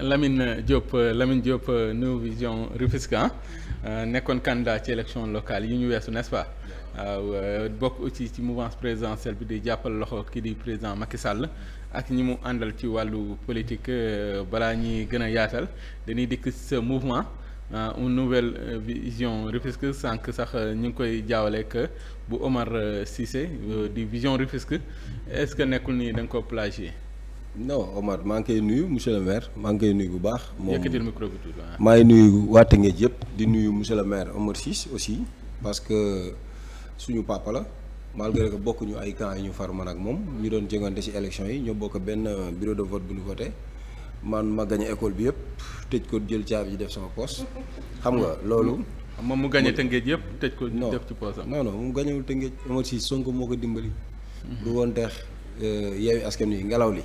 Lamine Diop Lamine Diop New Vision Rufisque euh, nekkoon candidat ci élection locale yi ñu weesu n'est-ce pas waaw euh, bokk aussi ci mouvance présidentielle bi di jàppal loxo kii di président Macky Sall ak ñi mu àndal ci wàllu politique euh, balaa ñuy gën a yaatal dañuy dikk sa mouvement une nouvelle vision Rufisque sànq sax ñu ngi koy jaawale que bu Omar Cissé di vision Rufisque est-ce que nekkul nii danga ko plagier non Omar maa ngi koy nuyu monsieur le maire maa ngi koy nuyu bu baax. moom yëkkatil micro bi tuuti maa ngi nuyu waa Tëngéej yëpp di nuyu monsieur le maire Omar Ciss aussi parce que suñu papa la malgré que bokkuñu ay camps yu ñu far man ak moom ñu doon jëngante si élection yi ñoo bokk benn bureau de vote bu ñu voté man ma gagné école bi yëpp tëj ko jël caabi ji def sama poste xam nga loolu. moom mu gagné Tëngéej yëpp tëj ko. def ci poche am non non mu gagné wul Tëngéej Omar Ciss Sonko moo ko dimbali. Mhm. du woon dex euh, yeewi askan wi ngelaw li.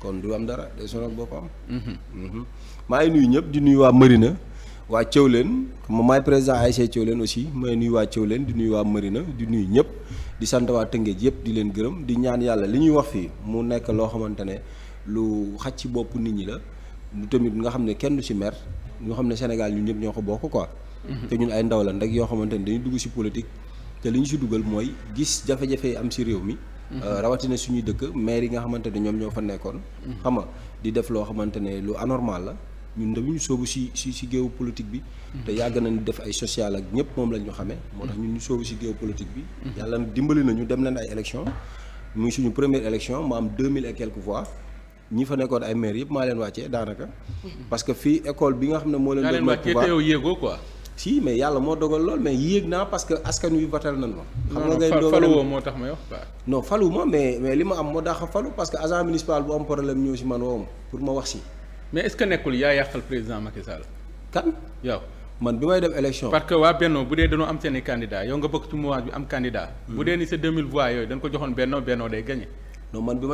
kon du am dara day sonal boppam. Mhm. Mhm. maa ngi nuyu ñëpp di nuyu waa Marina waa Thiawlène ma maay président ASC Thiawlène aussi may nuyu waa Thiawlène di nuy waa Marina di nuy ñëpp di sant waa Tëngéej yëpp di leen gërëm di ñaan yàlla li ñuy wax fii mu nekk loo xamante ne lu xaj ci boppu nit ñi la lu tamit nga xam ne kenn du si mer ñoo xam ne Sénégal ñun ñëpp ñoo ko bokk quoi. Mhm. te ñun ay ndaw la rek yoo xamante ne dañuy dugg si politique te li ñu si dugal mooy gis jafe am si réew mi. Euh, rawatina suñuy dëkk maire yi nga xamante ne ñoom ñoo fa nekkoon. xam nga di def loo xamante ne lu anormal la ñun dañuy soobu si si si géewu politique bi. te yàgg nañ def ay social ak ñëpp moom la ñu xamee. moo tax ñun ñu soobu si géewu politique bi. yàlla dimbali nañu dem nañ ay élection muy suñu première élection ma am deux mille et quelques voix. ñi fa nekkoon ay maire yëpp maa leen wàccee daanaka. parce que fii école bi nga xam ne moo leen. doon yéegoo quoi si mais yàlla moo dogal lool mais yéeg naa parce que askan wi votel nañ ma. xam nga ngay moo tax ma wax quoi. non falu ma mais li ma am moo daax a falu parce que agent municipal bu am problème ñëw si man woowu pour ma wax si. mais est-ce que nekkul yaa yàqal président Macky Sall. kan yow. man bi may dem élection. parce que waa Benno bu dee dañoo am seen i candidat yow nga bokk ci mouvement bi am candidat. Hmm. bu dee ni sa 2000 voix yooyu dañ ko joxoon Benno Benno day gagné. non man bi hmm.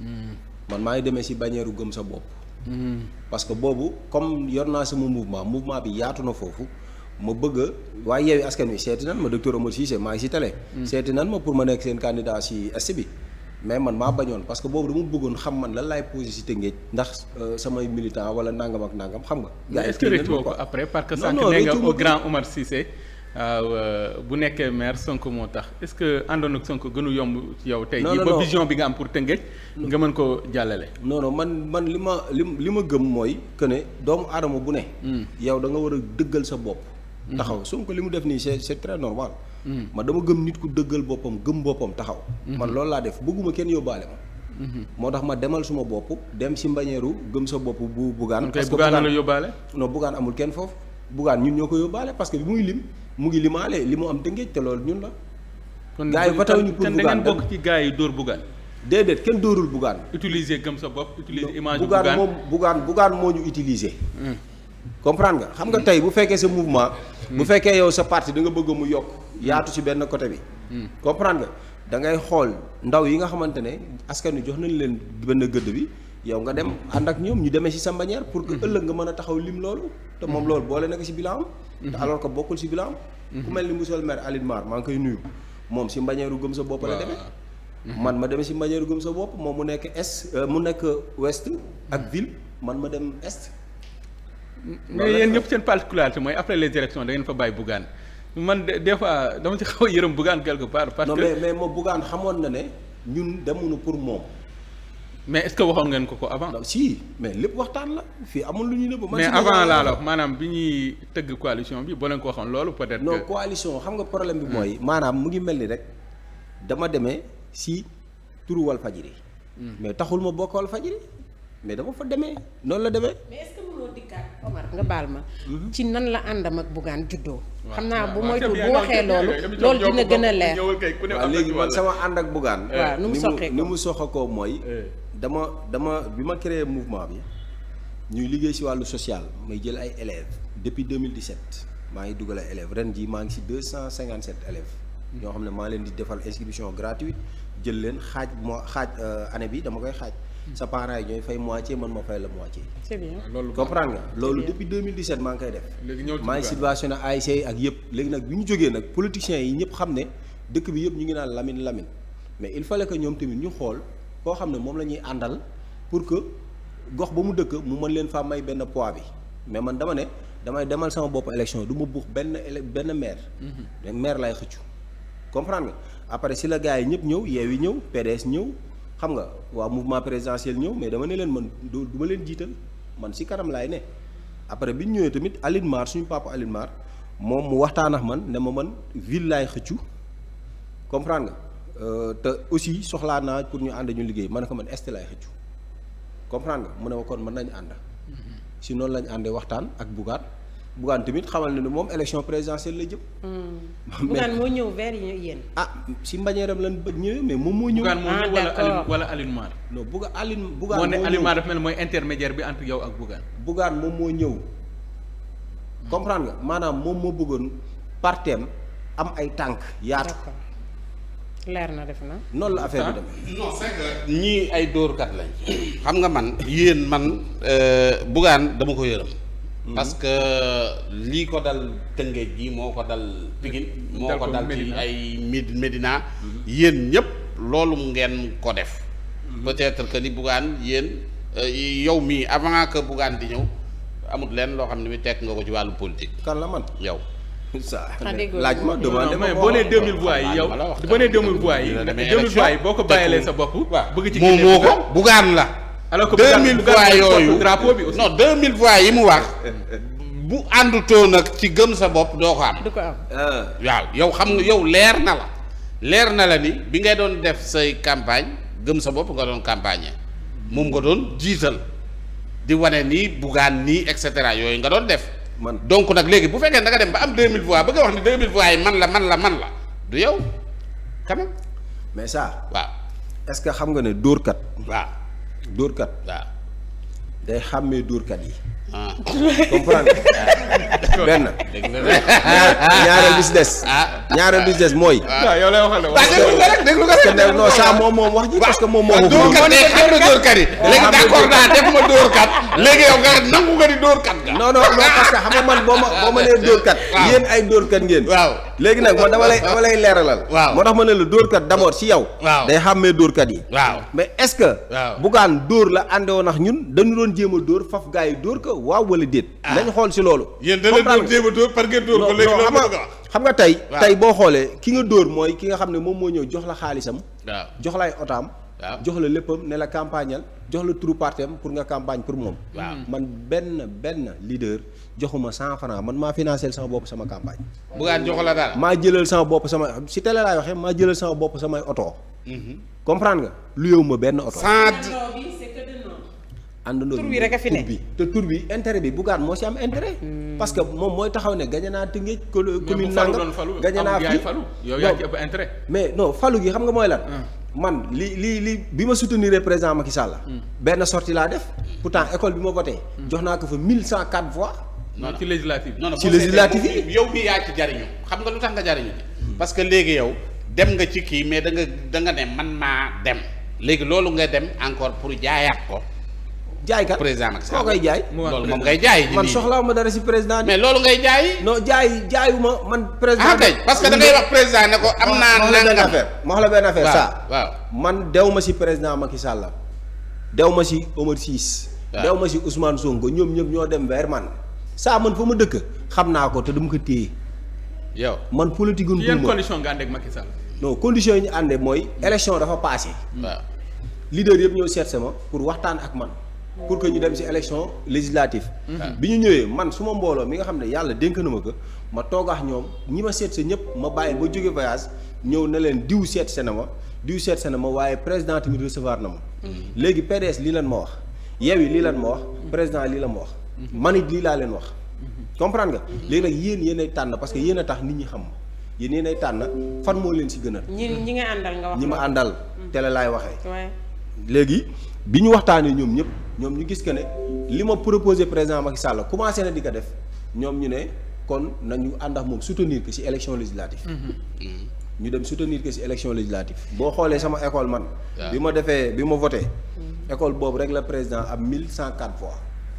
hmm. man maa ngi demee si bannière gëm sa bopp. parce que boobu comme yor naa sama mouvement mouvement bi yaatu na foofu ma bëgg a waaye yeewi askan wi seeti nan ma docteur Omar Cissé maa ngi si télé. Mm. seeti nan ma pour ma nekk seen candidat si est bi mais man maa bañoon parce que boobu dama bëggoon xam man lan laay posé si Tëngéej ndax euh, samay militant wala nangam ak nangam xam nga. gars yi est-ce que réccu ko après parce que sànq nee nga au grand Omar Cissé. waaw euh, bu nekkee maire Sonko moo tax est-ce que àndoon ak Sonko gënu yomb ci yow. tey jii ba vision bi nga am pour Tëngéej. nga mën koo jàllale. non man man li ma li li ma gëm mooy que ne doomu aadama bu ne. Hmm. yow da nga war a dëggal sa bopp. Hmm. taxaw Sonko li mu def nii c'est c'est très normal. Hmm. ma dama gëm nit ku dëggal boppam gëm boppam taxaw. man loolu laa def bëgguma kenn yóbbaale ma. moo tax ma demal suma bopp dem si mbañeeru gëm sa bopp bu bugaan. parce que bugaan la yóbbaale. non bugaan amul kenn foofu bugaan ñun ñoo ko yóbbaale parce que bi muy lim. mu ngi limaale li mu am dëngéej te loolu ñun la. kon gaa yi batawuñu pour Bougane da ngeen bokk ci gaa yi dóor Bougane. déedéet kenn dóorul Bougane. utiliser gëm sa bopp utiliser image Bougane Bougane moom Bougane Bougane moo ñu utiliser. Hmm. comprendre nga xam nga tey bu fekkee sa mouvement. bu hmm. fekkee yow sa parti danga bëgg mu yokk hmm. yaatu ci benn côté bi. comprendre nga da ngay xool ndaw yi nga xamante ne askan wi jox nañ leen benn gëdd bi. yow nga dem ànd ak ñoom ñu demee si sa manière pour que mm-hmm. ëllëg nga mën a taxaw lim loolu te moom mm-hmm. loolu boole na si ci bilan am mm-hmm. te alors que bokkul si bilan am ku mel ni monsieur le maire Alioune Mar maa ngi koy nuyu moom si mbañeeru gëm sa bopp la demee man ma demee ci mbañeeru gëm sa bopp moom mu nekk est euh, mu nekk ouest ak ville man ma dem est mais yéen ñëpp seen particularité mooy après les élections da ngeen fa bàyyi Bougane man des fois dama ci xaw a yërëm Bougane quelque part parce que non mais mais moom Bougane xamoon na ne ñun demuñu pour moom mais est-ce waxoon ngeen ko ko avant. si mais lépp waxtaan la fii amul lu ñu nëbb. mais avant laa la wax maanaam bi ñuy tëgg bi boo leen ko waxoon loolu peut-être. non coalition xam nga problème bi mooy. maanaam mu ngi mel ni rek dama deme si turu Walfadjri. Hmm. mais taxul ma bokk Walfadjri mais dama fa demee noonu la demee. mais est-ce que mënoo dikkaat Omar nga baal ma. Mhm. ci nan la àndam ak Bougane juddoo. xam naa bu moytu bu waxee loolu. loolu dina gën a leer. waaw léegi man sama ànd ak Bougane. waaw nu mu soqee ko ni mu soqee dama dama bi ma créé mouvement bi ñuy liggéey ci wàllu social may jël ay élèves depuis 2017 maa ngi dugal ay élèves ren jii maa ngi ci 257 élèves. ñoo xam ne maa leen di defal inscription gratuite jël leen xaaj mois xaaj euh, année bi dama koy xaaj. sa parents yi ñooy fay moitié man ma fay la moitié. c'est bien loolu comprendre nga loolu depuis 2017 maa ngi koy def. léegi ñëw maa ngi subventionné ASC ak yëpp. léegi nag bi ñu jógee nag politiciens yi ñëpp xam ne dëkk bi yëpp ñu ngi naan Lamine Lamine mais il fallait que ñoom tamit ñu xool. koo xam ne moom la ñuy àndal pour que gox ba mu dëkk mu mën leen faa may benn poids bi mais man dama ne damay demal sama bopp élection du ma buux benn benn maire. Mhm. maire laay xëccu comprendre nga après si la gars yi ñëpp ñëw yeew yi ñëw PDS ñëw xam nga waa mouvement présidentiel ñëw mais dama ne leen man du ma leen jiital man si kanam laay ne après bi ñu ñëwee tamit Aline Mar suñu papa Aline Mar moom mu waxtaan ax man ne ma man ville laay xëccu comprendre nga. Euh, te aussi soxlaa naa pour ñu ànd ñu liggéey ma ne ko man est laay xëccu comprendre nga mu ne ma kon mën nañu ànd si noonu lañ àndee waxtaan ak bugaat bugaan tamit xamal na ne moom élection présidentielle la jëm. Hmm. bugaan moo ñëw vers yéen. ah si mbañeeram lan ba ñëwee mais moom moo ñëw. ah wala Alioune Mar. non buga Alioune. bugaan moo ñëw moo mooy intermédiaire bi entre yow ak bugaan. bugaan moom moo ñëw. nga maanaam moom moo bëggoon parteem am ay tànk yaatu. leer na def na. noonu la affaire bi ah. demee. ñii ay dóorkat lañ. xam nga man yéen man euh, bugaan dama ko yërëm. Hmm. parce que lii ko dal Tëngéej gi moo ko dal. Pikine moo ko dal ci ay Médina. Hmm. yéen ñëpp loolu ngeen ko def. Hmm. peut-être que ni bugaan yéen euh, yow mii avant que bugaan di ñëw amut leen loo xam ne mi tekk nga ko ci wàllu politique. kan la man yow. ça ah, laaj ma demande ma boo nee 2000 voix yi yow boo nee 2000 voix yi 2000 voix yi boo ko bàyyilee sa bopp. bëgg ci moom moo ko Bougane la. alors que 2000 voix yooyu drapeau bi aussi. non 2000 voix yi mu wax bu àndutoo nag ci gëm sa bopp doo ko am. du ah. waaw yow xam nga yow leer na la. leer na la ni bi ngay doon def say campagne gëm sa bopp nga doon campagne moom nga doon jiital di wane nii Bougane nii et cetera yooyu nga doon def. man donc nag léegi bu fekkee da nga dem ba am 2000 voix bëgg a wax ni 2000 voix yi man la man la man la du yow quand mais ça. waaw est-ce que xam nga ne dóorkat. waaw dóorkat. waaw day xàmmee dóorkat yi. ah comprendre benn. ñaareel bi si ah. ñaareel bi mooy. waaw ah, yow la parce que déglu nga rek non ça moom moom wax ji parce que moom moo ko. dóorkat yi xam na dóorkat ma dóorkat. léegi yow nga nangu nga di dóorkat nga. non ma boo ma nee ay dóorkat ngeen. waaw léegi nag man dama lay dama lay leeralal. waaw moo tax ma ne la dóorkat d'abord si yow. waaw day xàmmee dóorkat yi. waaw mais est-ce que. waaw bugaan la àndewoon ak ñun dañu doon jéem a dóor faf gaa yi dóor ko waaw wala déet. Ah. nañ xool si loolu. yéen da leen doon jéem a dóor nga tey tey boo xoolee ki nga dóor mooy ki nga xam ne moom moo ñëw jox la xaalisam. jox la ay otaam. waaw jox la léppam ne la campagnal jox la turu partem pour nga campagne pour moom. waaw hmm. man benn benn leader joxuma cent franc man maa financé sama bopp sama campagne. bugaan jox la maa jëlal sama bopp sama si télé laay maa jëlal sama bopp samay hmm. nga lu yow benn oto. àndandoo tur bi rek a fi ne bi te tur bi intérêt bi Bougane moo si am intérêt. Hmm. parce que moom mooy taxaw ne gañe naa Tëngéej. commune nangam gañe naa fi falu yow yaa ci ëpp mais non falu gi xam nga mooy lan. Hmm. man li li li bi ma soutenir président Macky Sall. Hmm. benn sortie laa def. pourtant école bi ma voté. jox naa ko fa mille cent quatre voix. non ci législative non non yi yow mii yaa ci jariñu xam nga lu tax nga jariñu parce que léegi yow dem nga ci kii mais da nga da nga ne man maa dem léegi loolu nga dem encore pour jaayaat ko jaay kat président Macky Sall koy jaay. loolu moom ngay jaay. man soxlaaw ma dara si président mais loolu ngay jaay. non jaay jaayu ma man. président ah parce que da ngay wax ko am naa. nangam ma wax la benn affaire saa. waaw man dew ma si président Macky Sall dew ma si Omar Ciss. dew ma si Ousmane Sonko ñoom ñëpp ñoo dem vers man. saa man foo ma dëkk xam naa ko te dama ko téye. yow man politique gu. yan condition nga ànd ak Macky Sall. non condition yi ñu àndee mooy. élection dafa passé. waaw leader yëpp ñoo seet sama pour waxtaan ak man. pour que ñu dem ci élection législative mm-hmm. bi ñu ñëwee man su ma mbooloo mi nga xam ne yàlla dénk na ma ko ma toogaax ñoom ñi ma seet sa ñëpp ma bàyyi ba jóge voyage ñëw na leen diw seet se na ma diw seet se na ma waaye président tamit recevoir na ma mm-hmm. léegi PDS lii lan ma wax Yewwi lii lan ma wax mm-hmm. président lii la ma wax man it lii laa leen wax comprendre nga léegi nag yéen yéenay tànn parce que yéen a tax nit ñi xam ma yéen yéenay fan moo leen ci gënal ñi ñi nga àndal nga wax ñi ma àndal mm. télé laay waxee léegi bi ñu waxtaanee ñoom ñëpp ñoom ñu gis que ne li ma proposé président Macky Sall commencé na di ko def ñoom ñu ne kon nañu ànd ak moom soutenir que ci élection législative. Mhm. Mhm. ñu dem soutenir que ci élection législative. boo xoolee sama école man. bi ma defee bi ma voté. Mhm. école boobu rek la président am mille cent quatre voix.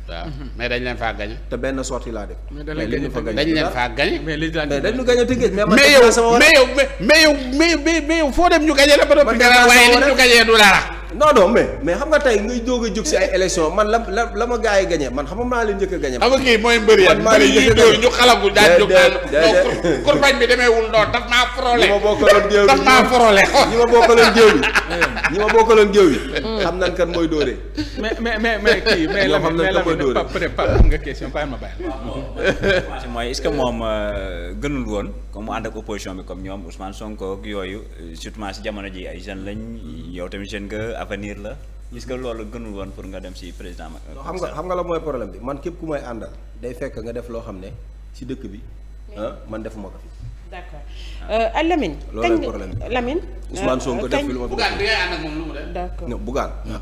waaw mhm. mais dañ leen faa gañe. te benn sortie laa def. mais dañ leen fa gañe dañ leen faa gañe. mais li daan dañ ñu gañe tëggee. mais man mais yow mais yow mais mais yow foo dem ñu gañe la ba noppi. dara waaye li ñu gañee du dara. non non mais mais xam nga tey ngay doog a jóg si ay élection man la la la ma gars yi gañe man xam nga maa leen njëkk a gañe. xam nga kii mooy mbëri yan mbëri yi ñu ñu xalagu daan jóg naan kurbañ bi demeewul noonu daf maa frolé. ñi ma bokkaloon géew bi daf maa frolé. ñi ma bokkaloon géew bi ñi ma bokkaloon géew bi mm. xam nan kan mooy dóoree. mais mais mais kii mais la mais la dóore préparé nga question bàyyi ma bàyyi la. mooy est moom euh, gënul woon comme mu ànd ak opposition bi comme ñoom Ousmane Sonko ak yooyu surtout si jamono ji ay jeunes lañ yow tamit jeune nga avenir la est-ce que loolu gënul woon pour nga dem si président. xam na xam nga la mooy problème bi man képp ku may àndal day fekk nga def loo xam ne si dëkk bi ah, man defuma ko fi. d'accord ah. euh, Lamine. loolu la problème bi Lamine. Euh, Ousmane Sonko def fi lu ma. Bougane bi ngay ànd ak moom lu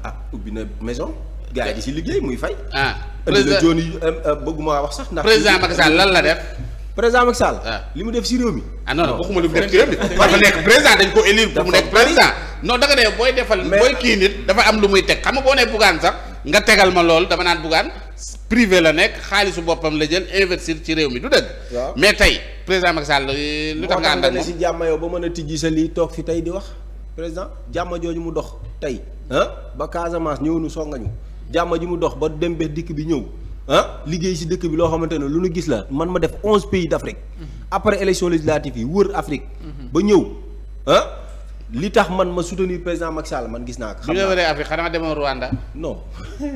ah, na maison. gars yi si liggéey muy fay. ah président jooni euh, euh, bëgguma wax sax ndax. président Macky Sall lan la def. président Macky Sall. Ah. li mu def si réew mi. ah non non waxuma lu mu def si réew mi dafa nekk président ko élire pour mu nekk booy defal. booy kii nit dafa am lu muy teg xam nga boo nee Bougane sax nga tegal ma loolu dama naan Bougane privé la nekk xaalisu boppam la jël investir ci réew mi du dëgg. mais tey président Macky Sall eh, lu tax nga ànd ak moom si jàmm yow ba mën a tijji sa lii toog fi tey di wax président jàmm jooju mu dox tey ah ba Casamance ñëw nu songañu jàmma ji mu dox ba dem ba dikk bi ñëw ah liggéey si dëkk bi loo xamante ne lu nu gis la man ma def onze pays d' Afrique. Mhm. après élection législative yi wër Afrique. Mhm. ba ñëw ah li tax man ma soutenir président Macky Sall man gis naa ko. xam naa bi xanaa demoon Rwanda. non.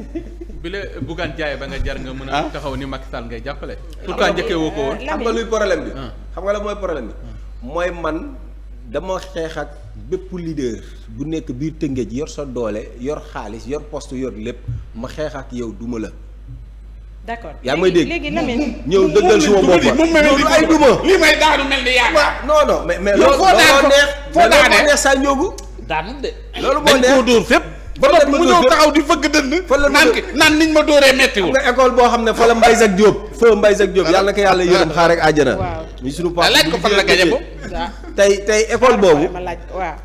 bi la Bougane Ndiaye ba nga jar nga mën a. Ah? taxaw ni Macky Sall ngay jàppale. Ah, pourtant njëkkee woo ko woon. xam nga luy problème bi. Ah. xam nga la mooy problème bi mooy man. dama xeex ak bépp leader bu nekk biir Tëngéej yor sa doole yor xaalis yor poste yor lépp ma xeex ak yow duma la. yaa may dégg léegi Lamine ñëw dëggal suma bopp loolu ay duma lii may daanu mel ni yaa non non mais mais loolu foo daanee foo daanee sa ñoogu daanu de loolu moo neex ba pare mu ñëw taxaw di fëgg dënn naan ki naan niñ ma dóoree mettiwul nga école boo xam ne fa la Mbaye Jacques Diop feu Mbaye Jacques Diop yàlla na ko yàlla yërëm xaar rek àjjana ñu suñu pa ko fan la gañe bo tey tey école boobu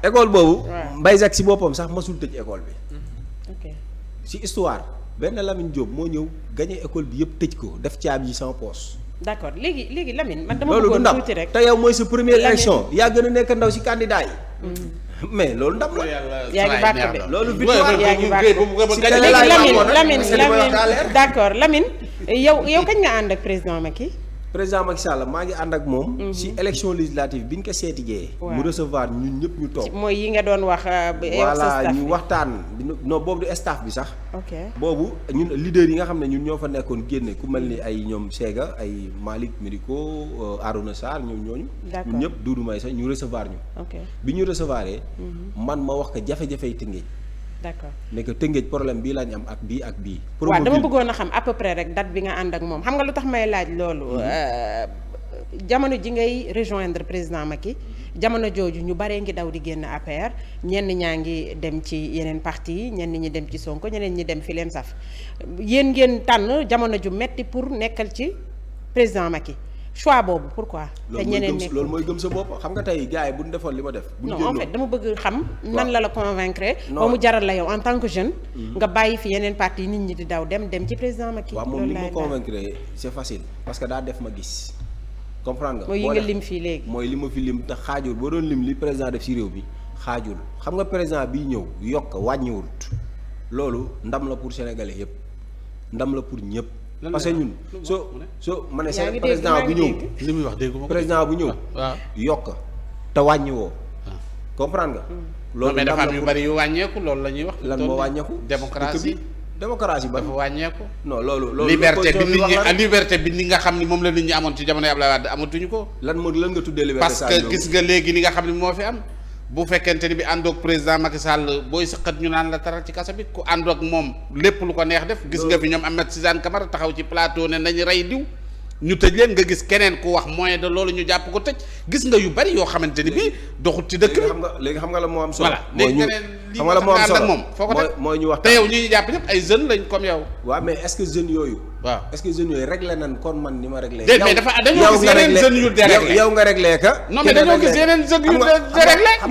école boobu Mbaye Jacques si boppam sax masul tëj école bi mm. si histoire benn lamin Diop moo ñëw gañe école bi yëpp tëj ko def caabi yi sans poche d'accord léegi léegi Lamine man dama bëggoon tuuti rek te yow mooy sa première élection yaa gën a nekk ndaw si candidat yi mm. mais loolu ndam la. yaa ngi bàkk de loolu victoire yaa ngi bàkk léegi Lamine Lamine Lamine d'accord lamin yow yow kañ nga ànd ak président Macky président Macky Sall maa ngi ànd ak moom. si mhm. élection législative bi ñu ko seeti jee mu recevoir ñu ñëpp ñu toog. mooy yi nga doon wax. Euh, voilà ñu waxtaan. non boobu du staff bi sax. ok boobu ñun leader yi nga xam ne ñu ñoo fa nekkoon génne ku mel ni ay ñoom Sega ay Malick Miriko euh, Arouna Sarr ñoom ñooñu. ñun ñëpp Doudou May sax ñu recevoir ñu. bi ñu recevoir mhm. man ma wax ko jafe-jafe yi d'accord mais que tëngeej problème bii laa ñu am ak bii ak bii. waaw dama bëggoon a xam à peu près rek date bi nga ànd ak moom xam nga lu tax may laaj loolu. Mhm. Euh, jamono ji ngay rejoindre président Macky jamono jooju ñu baree ngi daw di génn APR ñenn ñaa ngi dem ci yeneen parti yi ñenn ñi dem ci Sonko ñeneen ñi dem fi leen saf yéen ngeen tànn jamono ju metti pour nekkal ci président Macky. choix boobu pourquoi. te ñeneen nekk loolu mooy gëm sa bopp xam nga tey gars yi bu ñu defoon li ma def. bu ñu non en fait dama bëgg xam. nan la la convaincre. ba mu jaral la yow en tant que jeune. Mm. nga bàyyi fi yeneen parti nit ñi di daw dem dem ci président Macky. waaw moom li ma convaincre c' est facile. parce que daa def ma gis. comprendre nga mooy yi lim fii léegi. mooy li ma fi lim te xaajul boo doon lim li président def si réew bi xaajul xam nga président bi ñëw yokk wàññiwut loolu ndam la pour sénégalais yëpp ndam la pour ñëpp parce que ñun soo so ma ne seen président bu ñëw li muy wax dégg moom président bu ñëw waaw ah. yokk te wàññi woo ah. comprendre nga hmm. loolu mais dafa am yu bari yu wàññeeku loolu lañuy wax lan moo wàññeeku démocratie démocratie ba dafa wàññeeku non loolu loolu liberté bi nit ñi liberté bi ni nga xam ne moom la nit ñi amoon ci jamono jamonoy Abdoulaye Wade amatuñu ko lan moo lan nga tuddee liberté parce que gis nga léegi li nga xam ne moo fi am bu fekkente ni bi àndoog président Macky Sall booy sëqat ñu naan la taral ci kaso bi ku àndoog moom lépp lu ko neex def gis nga fi ñoom Ahmed Suzanne Camara taxaw ci plateau ne nañu rey diw ñu tëj leen nga gis keneen ku wax moyen de loolu ñu jàpp ko tëj gis nga yu bari yoo xamante ni bii doxut ci dëkk bi léegi xam nga la moo am solo voilà léegi nga ne xam nga la moo am moom foo ko teg mooy te yow ñuy jàpp ñëpp ay jeunes lañ comme yow waa mais est-ce yooyu waaw est-ce que jeunes yooyu réglé nan kon man ni ma réglé. yow mais dañoo gis yeneen jeunes yu déréglé yow nga réglé ka. non mais dañoo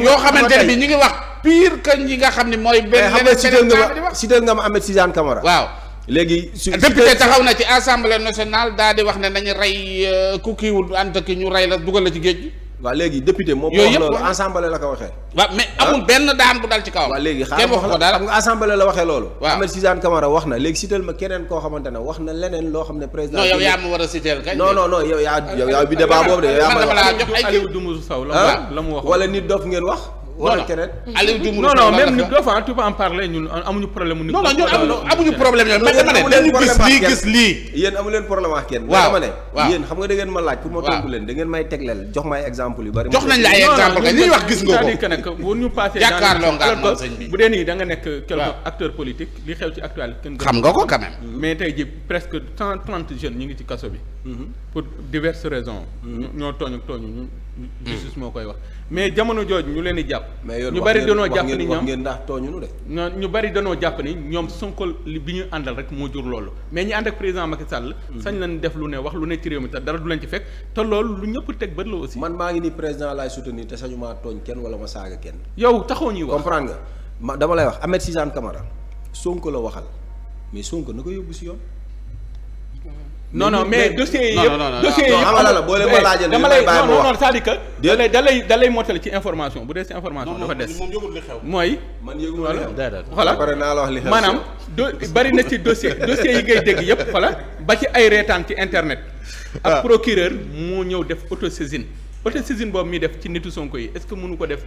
yoo xamante ni ñu ngi wax pire que ñi nga xam ne mooy. benn leneen beneen nga di wax sital nga ma Ahmed Sidjane Camara waaw. léegi su député taxaw na ci assemblée nationale daal di wax ne nañu rey euh, ku kiiwul ànd ak ñu rey la dugal la ci géej gi. waaw léegi député moom. yooyu yëpp loolu assemblée la ko waxee. waaw mais ah. amul benn daan bu dal ci kawam. waaw léegi xaaral wax la nga assemblée la waxee loolu. waaw Ahmed Suzanne Camara wax na léegi sitel ma keneen koo xamante ne wax na leneen loo xam ne président. non yow yaa ma war a sitel kañ. non non non yow boobu de. yow yaa ma ah? wax la mu wax wala nit dof ngeen wax. wala keneen. Mm-hmm. Aliou Diouf non non même nit doo fa tu peux en parler ñun amuñu problème mu. nit non non ñun amuñu amuñu problème ñoom mais dama ne dañu gis lii gis lii. yéen amu problème ak kenn. waaw dama ne yéen xam nga da ngeen ma laaj. pour ma tontu leen da ngeen may tegleel jox ma ay exemple yu bari. jox nañ wax gis nga ko. cest à nga ak sëñ bi bu dee nii da nga nekk. waaw quelque acteur ko quand même. mais tey jii presque cent trente jeunes ñu ngi ci kaso bi pour diverses raison mhm. ñoo tooñ ak tooñ ñu. justice moo koy wax mais jamono jooju ñu leen di jàpp. ñu bari danoo jàpp ni ñoom ñu ñu bari danoo jàpp ni ñoom Sonko bi ñu àndal rek moo jur loolu mais ñu ànd ak président Macky Sall. Mhm. sañ lañ def lu ne wax lu ne ci réew mi te dara du leen ci fekk te lool lu ñëpp teg bët la aussi. man maa ngi ni président laay soutenir te sañu maa tooñ kenn wala ma saaga kenn. yow taxoo ñuy wax comprendre nga ma dama lay wax Ahmed Suzanne Camara Sonko la waxal mais na ko yóbbu si yoon. non mais dossiers yi yëpp dossiers yi yëpp dama lay non non non c'est-à-dire dalay dalay dalay ci information bu dee si information. dafa des mooy. man yëgul li xew voilà maanaam do bari na ci dossier yi ngay dégg yëpp voilà ba ci ay reetaan ci internet. Ah. ak procureur moo ñëw def autosaisine autosaisine boobu muy def ci nitu Sonko yi est-ce que munu ko def.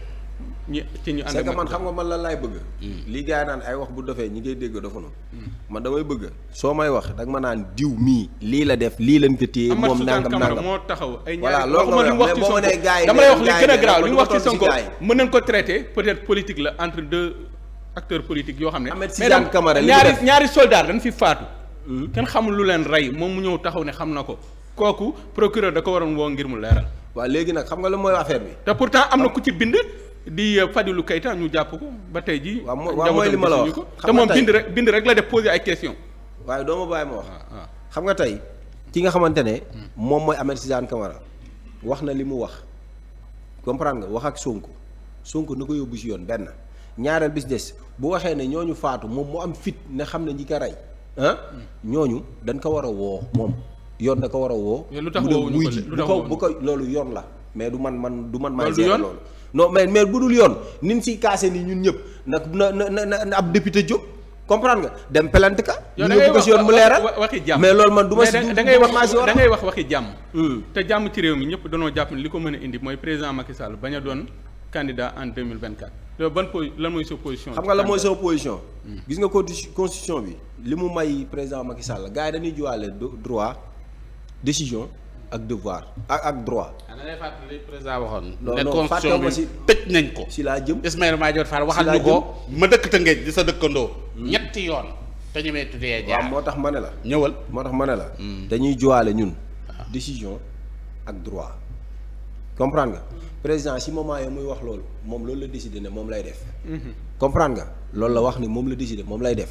ñu ci ñu ànd ak man xam nga man la laay bëgg. Hmm. lii gars yi naan ay wax bu dofee ñi ngay dégg dofa na hmm. man damay bëgg soo may wax danga ma naan diw mii lii la def lii lañ ko téye moom nangam nangam moo taxaw ay ñaar waxuma li mu wax ci Sonko damay wax li gën a garaaw li mu wax ci Sonko mën nañ ko traité peut-être politique la entre deux acteurs politiques yoo xam ne mais ñaari ñaari soldat dañ fi faatu hmm. kenn xamul lu leen rey moom mu ñëw taxaw ne xam na ko kooku procureur da ko waroon woo ngir mu leeral waa léegi nag xam nga la mooy affaire bi te pourtant am na ku ci bind di euh, Fadilou Keita ñu jàpp ko ba tey ji waaw mooy li ma la wax te moom bind rek bind rek la def poser ay question waaye doo ma bàyyi ma wax ah, ah. xam nga tey ki nga xamante ne moom mooy Ahmed Sidane Camara wax na li mu wax comprendre nga wax ak Sonko Sonko na ko yóbbu ci yoon benn ñaareel bis bu waxee ne ñooñu faatu moom mu am fit ne xam ne ñi ko rey ah, ñooñu dañ ko war a woo moom yoon da ko war a woo. lu tax woo bu ko bu ko loolu yoon la mais du man man du man. maa seetlu loolu non mais mais bu dul yoon nin siy kaase ni ñun ñëpp nag na na na ab député jóg comprendre nga dem pelante ka. yow da ngay wax yoon mu leeral mais loolu man du ma si da ngay wax da ngay wax waxi jàmm. Hmm. te jàmm ci réew mi ñëpp danoo jàpp ne li ko mën a indi mooy président Macky Sall bañ a doon candidat en 2024. yow ban po lan mooy sa position. xam nga la mooy sa position. Hmm. gis nga constitution bi li mu may président Macky Sall gars yi dañuy juwaale droit décision. ak devoir ak ak droit. ah na lay président waxoon. ne constitution bi tëj nañ ko. si laa jëm Ismaïla Madior Fall waxal ñu ko. ma dëkk Tëngéej di sa dëkkandoo. Hmm. ñetti yoon te ñu may moo tax ma ne la. ñëwal moo tax ma ne la. Hmm. dañuy jowaale ñun. Ah. décision ak droit. comprendre nga hmm. président si moment yi muy wax loolu moom loolu la décidé ne moom lay def. comprendre nga loolu la wax ne moom la décidé moom lay def.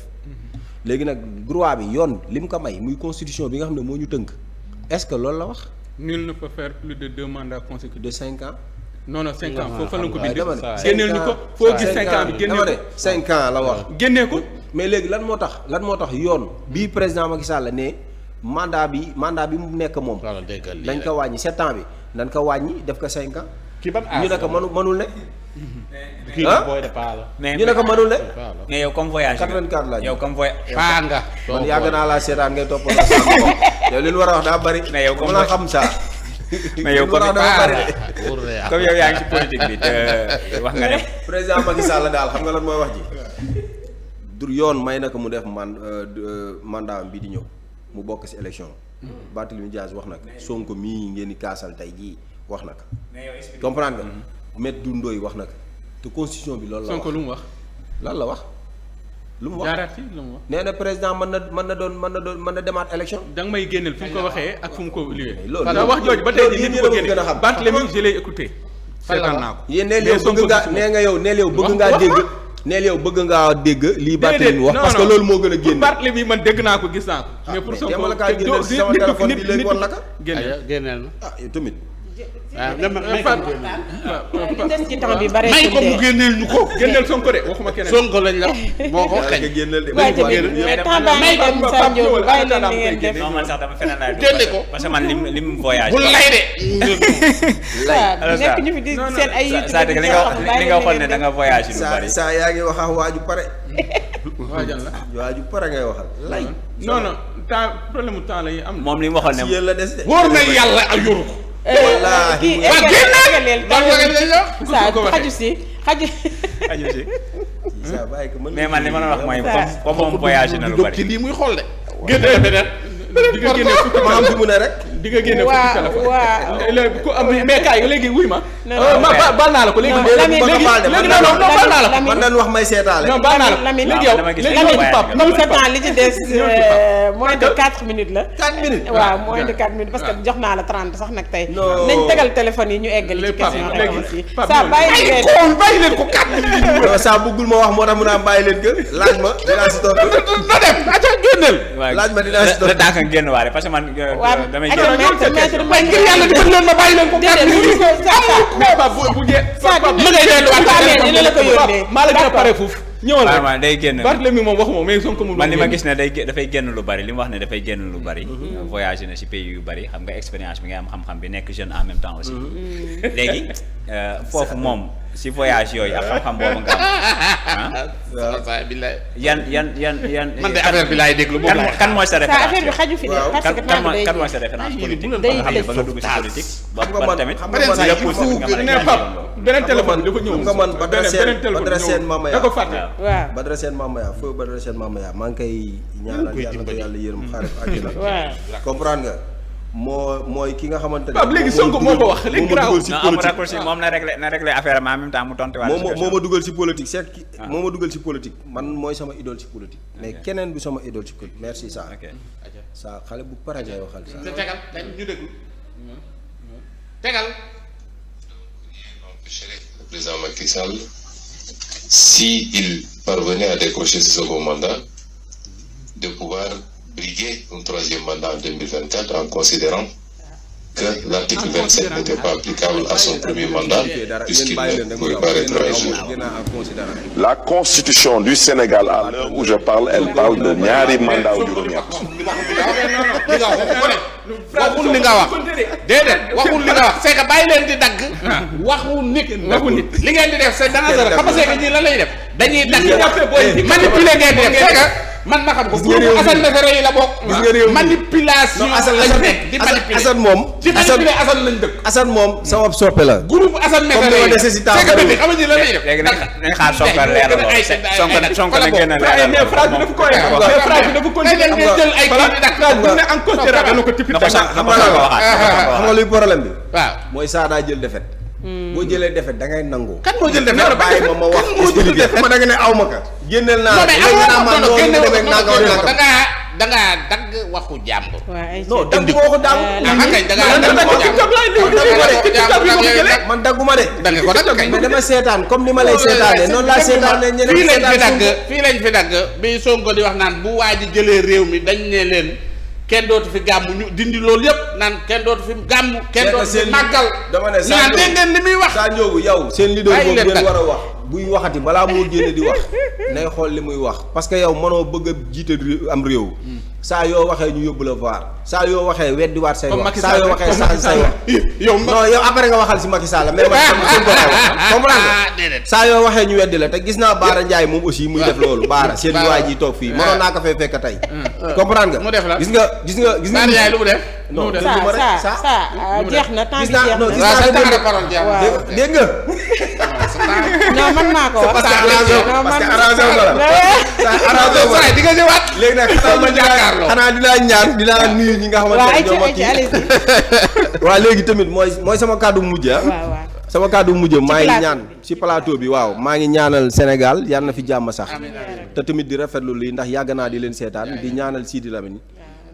léegi nag droit bi yoon li mu ko may muy constitution bi nga xam ne moo ñu tënk. est-ce que loolu la wax. nul ne peut faire plus de deux mandats consécutifs. de cinq ans. non cinq ans la ko ah, ko foo gis bi génneel ko cinq ans la wax. génnee ko mais léegi lan moo tax lan moo tax yoon bii président Macky Sall ne mandat bi mandat bi mu nekk moom. dañ ko wàññi sept bi dañ ko wàññi def ko cinq ans. ci ñu ne ko mënu ne. ñu mm-hmm. ne ko mënul de. mais yow comme voyage. 84 la yow comme voyage. paa nga. man yàgg naa laa seetaan ngay topp la sànq yow li ñu war a wax daa bëri. mais yow comme xam saa. mais yow comme comme yow yaa ngi ci politique bi te euh, wax nga ne. président Macky Sall daal xam nga lan mooy wax ji. du yoon may na ko mu def man euh, euh, mandat bi di ñëw mu bokk ci élection. Mm-hmm. Barthélémy Dias wax na ko mii ngeen kaasal tey jii wax na ko. comprendre maître du ndooy wax nag te constitution bi loolu la Sonko lu mu wax lan la wax lu mu wax jaaraat fi na président mën na mën na doon mën na doon mën na demaat élection da nga may génneel fu mu ko waxee ak fu mu ko liggéey loolu wax jooju ba tey ni ñu ko gën a xam Barthélémy je l'ai yow bëgg ngaa nee nga yow neel yow bëgg ngaa dégg neel yow bëgg wax parce loolu moo gën a génn Barthélémy man dégg naa ko gis naa ko ah, mais pour Sonko dama la kaa génneel sama téléphone bi ah tamit waaw ah, dama euh, may ko euh, des ci temps bi bare may ko mu génneel ñu ko génneel Sonko de waxuma keneen Sonko lañ la moo ko xëy waaye tamit non man sax dama feneen laay génne ko parce que man lim lim voyage bu lay de waaw nekk ñu fi di seen ay saa dëgg li nga wax li nga waxoon ne da nga voyage lu bari pare la ngay waxal lay mm-hmm. temps problème temps la am moom li waxoon ne wóor na yàlla ak yoru ko voilà eh, kii eggaleel eggaleel xaju si xaju. xaju si. mais man li ma la wax mooy comme comme moom voyagé na lu bari. lii muy xool di nga génne fukki maam bi mu ne rek. di nga génne fukki téléphone waaw eh, léegi ku am mais kaay léegi wuy ma. Euh, ma baal naa la ko léegi. léegi léegi léegi non non baal naa la ko. man dañ wax may seetaale. non baal naa la ko léegi yow léegi pap moom sa temps li ci des euh, moins de quatre minutes la. quatre minutes waaw moins de quatre minutes parce que jox naa la trente sax nag tey. nañ tegal téléphone yi ñu eggali ci question réponse yi. saa bàyyi leen ko bàyyi leen ko quatre minutes. saa bëggul ma wax moo tax mu naan bàyyi leen ko laaj ma dinaa si tontu. na dem aca génneel. laaj ma dinaa si tontu nag génn waale parce que man. Euh, euh, damay génn ngir yàlla di leen ko. déedéet ko saa bu ñëwal rek day génn Barthélemy moom waxuma mais Sonko mu man li ma gis ne day dafay génn lu bari li mu wax ne dafay génn lu bari mhm. euh, voyagé na ci pays yu bari xam nga expérience bi nga am xam-xam bi nekk jeune en même temps aussi mhm. léegi foofu moom si voyage yooyu ak xam-xam boobu nga am ah. yan yan yan yan. man de affaire bi laay sa référence affaire bi xaju fi de parce que kan mooy kan mooy sa référence politique ba nga xam ne ba nga dugg si politique. ba ba tamit beneen téléphone li ñëw nga man Badara Sène Badara Sène Mamaya da ko fàtte waaw Badara Sène Mamaya foofu Badara Sène Mamaya koy ñaanal yàlla ko yàlla yërëm xaaral nga moo mooy ki nga xamante ne. waaw léegi Sonko moo ko wax léegi garaaw moom moom na réglé na réglé affaire am en même temps mu tontuwaat. situation moo ma dugal si politique c' est ah. moo ma dugal si politique man mooy sama idole si politique. keneen du sama idole si politique merci ça. ok ça xale bu pare ngay waxal. sa tegal dañ ñu déglu. Mm-hmm. Mm-hmm. tegal. le président Macky Sall si il parvenait à décrocher ce second mandat de pouvoir. briguer un troisième mandat en 2024 en considérant que l'article 27 n'était pas applicable à son premier mandat puisqu'il ne pouvait pas être un La constitution du Sénégal, à l'heure où je parle, elle parle de ñaari mandat wu juróom-ñett. waxul li nga wax déedéet waxul li nga wax c'est que bàyyi di dagg. waxu nit nit li ngeen def c'est dangereux xam nga c'est que ñii def. dañuy dagg manipuler ngeen di def c'est man ma xam ko groupe Assane Mesere la bokk. gis nga réew mi manipulation lañ nekk di manipuler Assane moom. di manipuler Assane lañ dëkk. Assane moom hmm. sama soppe la. groupe Assane Mesere yi comme ni ma léegi nag xaar Sonko leeral lool Sonko nag gën a leeral mais phrase bi dafa koy mais phrase bi dafa continué am nga jël ay ko tipi xam nga luy problème bi waaw mooy saa jël defet Hmm. boo jëlee defet da ngay nangu. kan moo jël defet ba non ma wax. kan ma da nga ne aw ma ka. génneel naa la léegi ma da ngaa dagg waxu jàmbur. non dagg nga waxu jàmbur. ah kay da ngaa dagg waxu man dagguma de. da nga ko dagg kay seetaan ni ma lay seetaanee noonu laa seetaanee ñeneen. fii lañ fi dagg fii lañ fi dagg bi Sonko di wax naan bu waa ji jëlee réew mi dañ ne leen. kenn dootu fi gàmmu ñu dindi loolu yëpp naan kenn dootu fi gàmm. kenn dootu fi màggal. dama ne Sango ñu naan dégg ngeen li muy wax. Sango yow seen leader boobu ngeen war a wax. buy waxati balaa moo génne di wax nay xool li muy wax parce que yow mënoo bëgg a jiite am réew. saa yoo waxee ñu yóbbu la vaar ah, saa yoo waxee ñu weddi la te gis naa Baara Ndiaye moom aussi muy def loolu Baara seen waay ji toog fii mënoon naa ko fee fekk tey. Mm. comprendre nga mu def la gis nga gis nga gis nga. Baara Ndiaye lu mu def. non dégg nga ma rek saa saa jeex na temps bi jeex na. gis naa non gis naa dégg nga. non man maa ko wax. parce que arrangé wu la arrangé wu la xanaa dinaa ñaan dinaa nuyu ñi nga xamante ne ñoo ma kii waaw léegi tamit mooy mooy sama kàddu mujj ah. sama kàddu mujj maa ngi ñaan ci palaato bi waaw maa ngi ñaanal Sénégal yal na fi jàmm sax te tamit di rafetlu lii ndax yàgg naa di leen seetaan di ñaanal Sidi Lamine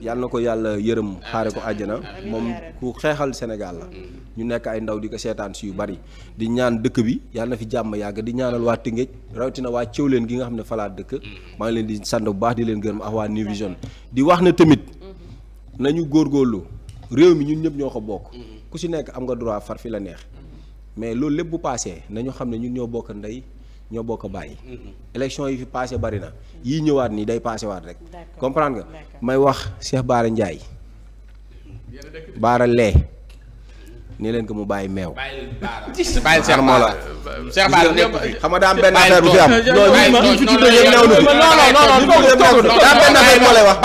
yàlla na ko yàlla yërëm xaare ko àjjana moom ku xeexal Sénégal la mm. ñu nekk ay ndaw di ko seetaan si yu bari di ñaan dëkk bi yàlla na fi jàmm yàgg di ñaanal waa Tëngéej rawatina waa Cëwleen gi nga xam ne falaa dëkk mm. maa ngi leen di sant bu baax di leen gërëm ak waa New Vision di wax na tamit mm-hmm. nañu góorlu réew mi ñun ñëpp ñoo ko bokk mm-hmm. ku si nekk am nga droit far fi la neex mais loolu lépp bu paasee nañu xam ne ñun ñoo bokk ndey ñoo bokk bàyyi. Mm-hmm. élection yi fi passé bari na yii ñëwaat nii day passé waat rek. comprendre nga may wax Cheikh Baara Ndiaye. Baara Lee. nii leen ko mu bàyyi meew. xam nga daa benn affaire bu fi am. non ma ñu fi daa am benn affaire moo lay wax.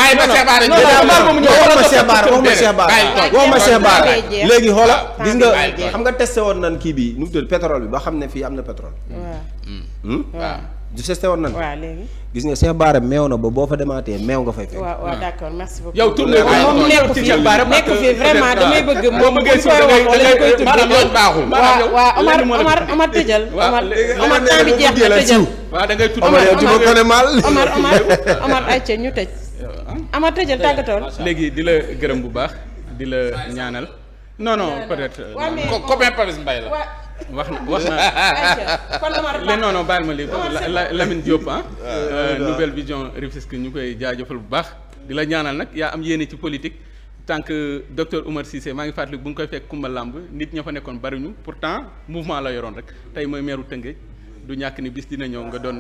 bàyyi ba léegi xoola gis nga xam nga testé woon nan kii bi nu mu tudd bi ba xam ne fii am na pétrole. du testé woon nañu. waaw léegi gis nga Cheikh Bara meew na ba boo fa demaatee meew nga fay fekk. waaw waaw d'accord merci beaucoup. yow tourné moom nekk fi nekk vraiment damay bëgg. moom bu ñu koy woo lañ koy tudd maanaam Omar Omar Omar Omar Omar temps ñu tëj. Omar tëjal tàggatoon. léegi di la gërëm bu baax di la ñaanal. non non peut-être. Euh, copain la. wax na wax na léegi non non baal ma léegi Lamine Diop ah. Euh, nouvelle vision Rufisque ñu koy jaajëfal bu baax. di la ñaanal nag yaa am yéene ci politique tan que docteur Oumar Cissé maa ngi fàttali bu nga koy fekk Kumba Lamb nit ña fa nekkoon bariwuñu pourtant mouvement la yoroon rek tey mooy meeru Tëngéej du ñàkk ni bis dina ñëw nga doon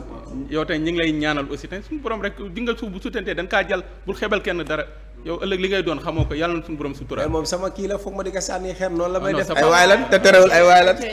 yow tey ñu ngi lay ñaanal aussi tey suñu borom rek di nga suuf bu sutantee dañ kaa jàll bul xebal kenn dara. yow ëllëg li ngay doon xamoo ko yàlla suñu borom sutura moom sama kii la la ah may def ay waay lan te